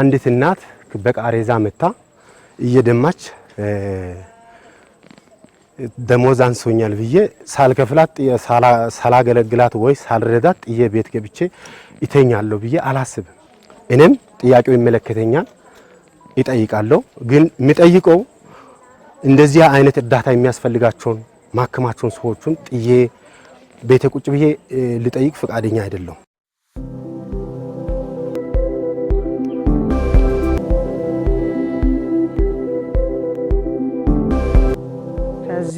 አንዲት እናት በቃሬዛ መታ እየደማች ደሞዝ አንሶኛል ብዬ ሳልከፍላት ሳላገለግላት ወይ ሳልረዳት ጥዬ ቤት ገብቼ ይተኛለሁ ብዬ አላስብም። እኔም ጥያቄው ይመለከተኛል፣ ይጠይቃለሁ። ግን የሚጠይቀው እንደዚህ አይነት እርዳታ የሚያስፈልጋቸውን ማከማቸውን ሰዎቹን ጥዬ ቤተ ቁጭ ብዬ ልጠይቅ ፈቃደኛ አይደለሁም።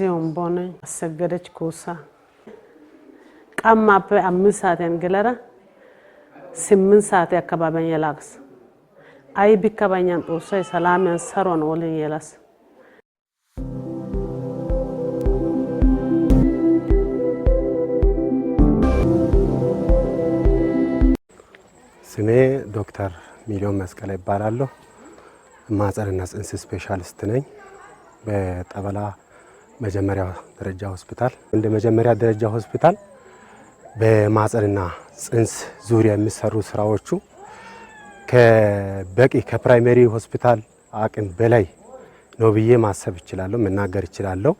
ጊዜውን ቦነ አሰገደች ኩሳ ቀማፔ አምስት ሰዓት ግለረ ስምንት ሰዓት አካባቢያን የላክስ አይ ቢከባኛን ጦሰ ሰላሚያን ያንሰሮን ወልን የላስ ስሜ ዶክተር ሚሊዮን መስቀላ ይባላለሁ። ማጸርና ጽንስ ስፔሻሊስት ነኝ በጠበላ መጀመሪያ ደረጃ ሆስፒታል እንደ መጀመሪያ ደረጃ ሆስፒታል በማህፀንና ጽንስ ዙሪያ የሚሰሩ ስራዎቹ ከበቂ ከፕራይመሪ ሆስፒታል አቅም በላይ ነው ብዬ ማሰብ እችላለሁ፣ መናገር እችላለሁ።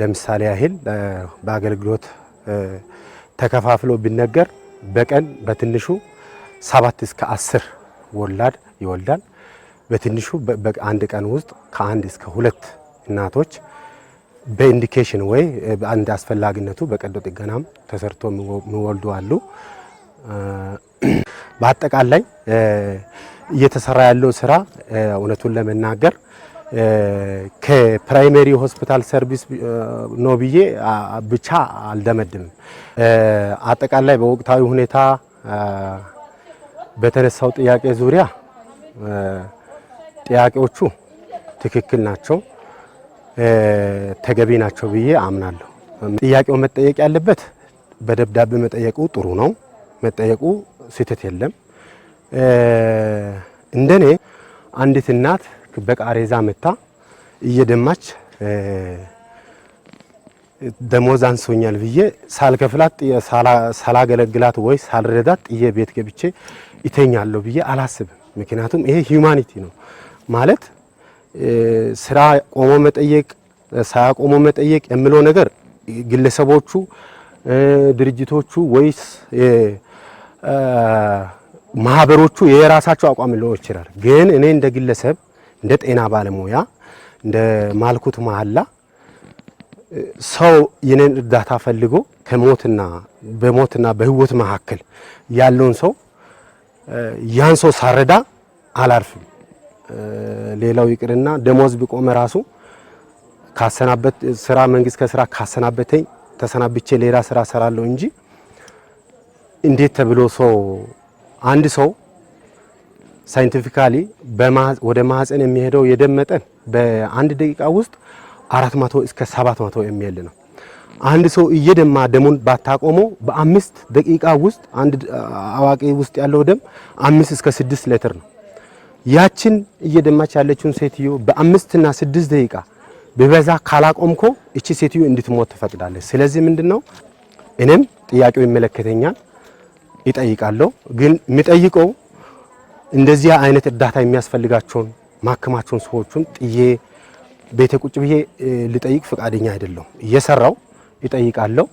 ለምሳሌ ያህል በአገልግሎት ተከፋፍሎ ቢነገር በቀን በትንሹ ሰባት እስከ አስር ወላድ ይወልዳል። በትንሹ አንድ ቀን ውስጥ ከአንድ እስከ ሁለት እናቶች በኢንዲኬሽን ወይ አንድ አስፈላጊነቱ በቀዶ ጥገናም ተሰርቶ የሚወልዱ አሉ። በአጠቃላይ እየተሰራ ያለው ስራ እውነቱን ለመናገር ከፕራይመሪ ሆስፒታል ሰርቪስ ነው ብዬ ብቻ አልደመድምም። አጠቃላይ በወቅታዊ ሁኔታ በተነሳው ጥያቄ ዙሪያ ጥያቄዎቹ ትክክል ናቸው። ተገቢ ናቸው ብዬ አምናለሁ። ጥያቄው መጠየቅ ያለበት በደብዳቤ መጠየቁ ጥሩ ነው። መጠየቁ ስህተት የለም። እንደኔ አንዲት እናት በቃሬዛ መታ እየደማች ደሞዝ አንሶኛል ብዬ ሳልከፍላት ሳላገለግላት ወይ ሳልረዳት ጥዬ ቤት ገብቼ ይተኛለሁ ብዬ አላስብም። ምክንያቱም ይሄ ሂዩማኒቲ ነው ማለት ስራ ቆሞ መጠየቅ፣ ስራ ቆሞ መጠየቅ የምለው ነገር ግለሰቦቹ፣ ድርጅቶቹ ወይስ ማህበሮቹ የራሳቸው አቋም ሊሆን ይችላል። ግን እኔ እንደ ግለሰብ እንደ ጤና ባለሙያ እንደ ማልኩት መሀላ ሰው የኔን እርዳታ ፈልጎ ከሞትና በሞትና በህይወት መካከል ያለውን ሰው ያን ሰው ሳረዳ አላርፍም። ሌላው ይቅርና ደሞዝ ቢቆመ ራሱ ካሰናበት ስራ መንግስት ከስራ ካሰናበተኝ ተሰናብቼ ሌላ ስራ ሰራለሁ እንጂ እንዴት ተብሎ ሰው አንድ ሰው ሳይንቲፊካሊ ወደ ማህፀን የሚሄደው የደም መጠን በአንድ ደቂቃ ውስጥ አራት መቶ እስከ ሰባት መቶ የሚል ነው። አንድ ሰው እየደማ ደሙን ባታቆመው በአምስት ደቂቃ ውስጥ አንድ አዋቂ ውስጥ ያለው ደም አምስት እስከ ስድስት ሌትር ነው። ያችን እየደማች ያለችውን ሴትዮ በአምስትና ስድስት ደቂቃ ቢበዛ ካላቆምኮ እቺ ሴትዮ እንድትሞት ትፈቅዳለች። ስለዚህ ምንድነው እኔም ጥያቄው ይመለከተኛል ይጠይቃለሁ። ግን የሚጠይቀው እንደዚያ አይነት እርዳታ የሚያስፈልጋቸውን ማከማቸውን ሰዎቹን ጥዬ ቤተ ቁጭ ብዬ ልጠይቅ ፈቃደኛ አይደለሁም። እየሰራው ይጠይቃለሁ።